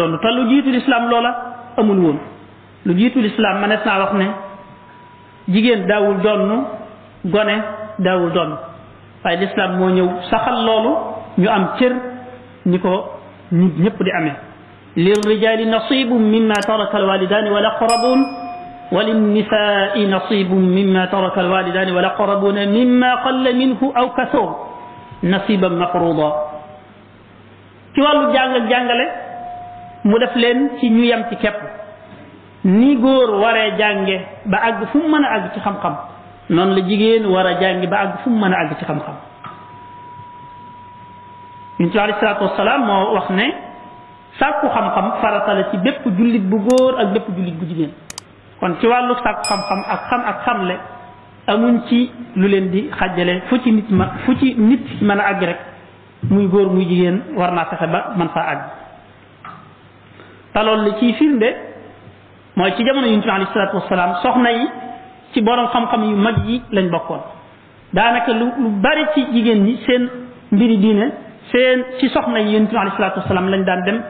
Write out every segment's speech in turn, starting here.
loolu te lu jiitu lislaam loola amul woon lu jiitu lislaam manees naa wax ne jigéen daawul donn gone daawul donn waaye lislaam moo ñëw saxal loolu ñu am cër ni ko nit ñëpp di amee للرجال نصيب مما ترك الوالدان والأقربون وللنساء نصيب مما ترك الوالدان والأقربون مما قل منه أو كثر نصيبا مفروضا ci walu jangal jangale mu def leen ci ñu yem ci képp ni góor waree jànge ba àgg fu mu mën a àgg ci xam-xam noonu la jigéen war a jànge ba àgg fu mën a àgg ci xam-xam yonent bi alayhi moo wax ne sàkku xam-xam ci bépp jullit bu góor ak bépp jullit bu jigéen kon ci wàllu sàkku xam-xam ak xam ak xamle amuñ ci lu leen di xàjjale fu ci nit ma fu ci nit mën a àgg rek muy góor muy jigéen war naa fexe ba mën faa àgg te loolu li ciy firnde mooy ci jamono yuñ ci alayhi salaatu wasalaam soxna yi ci borom xam-xam yu mag yi lañ bokkoon daanaka lu lu bari ci jigéen ñi seen mbiri diine seen ci soxna yi yonent bi alayhi salaatu wasalaam lañ daan dem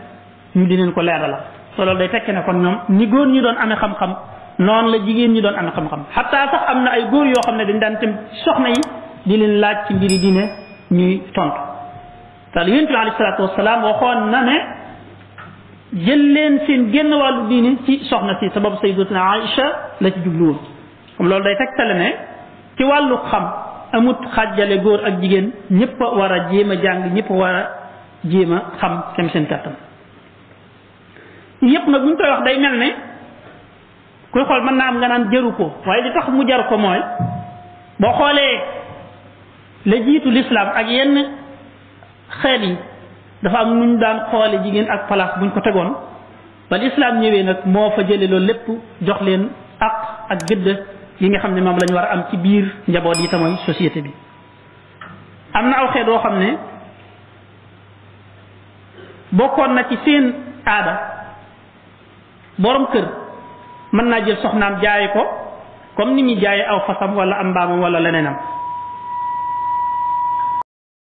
ñu di leen ko leerala loolu day fekke ne kon ñoom ni góor ñi doon amee xam-xam noonu la jigéen ñi doon amee xam-xam xataa sax am na ay góor yoo xam ne dañ daan tam soxna yi di leen laaj ci mbiri diine ñuy tontu te yonent bi alayhi salaatu wasalaam waxoon na ne jël leen seen génn wàllu diine ci soxna si sababu sayyidatuna Aïcha la ci jublu woon comme loolu day tegtale ne ci wàllu xam amut xàjjale góor ak jigéen ñépp war a jéem a jàng ñëpp war a jéem a xam kem seen kàttan yëpp nag bu ñu koy wax day mel ne kuy xool mën naa am nga naan jaru ko waaye li tax mu jar ko mooy boo xoolee la jiitu lislaam ak yenn xeet yi dafa am ñu daan xoole jigéen ak place buñ ko tegoon ba lislaam ñëwee nag moo fa jële loolu lépp jox leen àq ak gëdd yi nga xam ne moom lañu war a am ci biir njaboot yi te mooy bi am na aw xeet woo xam ne bokkoon na ci seen aada boroom kër mën naa jël soxnaam jaaye ko comme ni muy jaaye aw fasam wala am mbaamam wala leneenam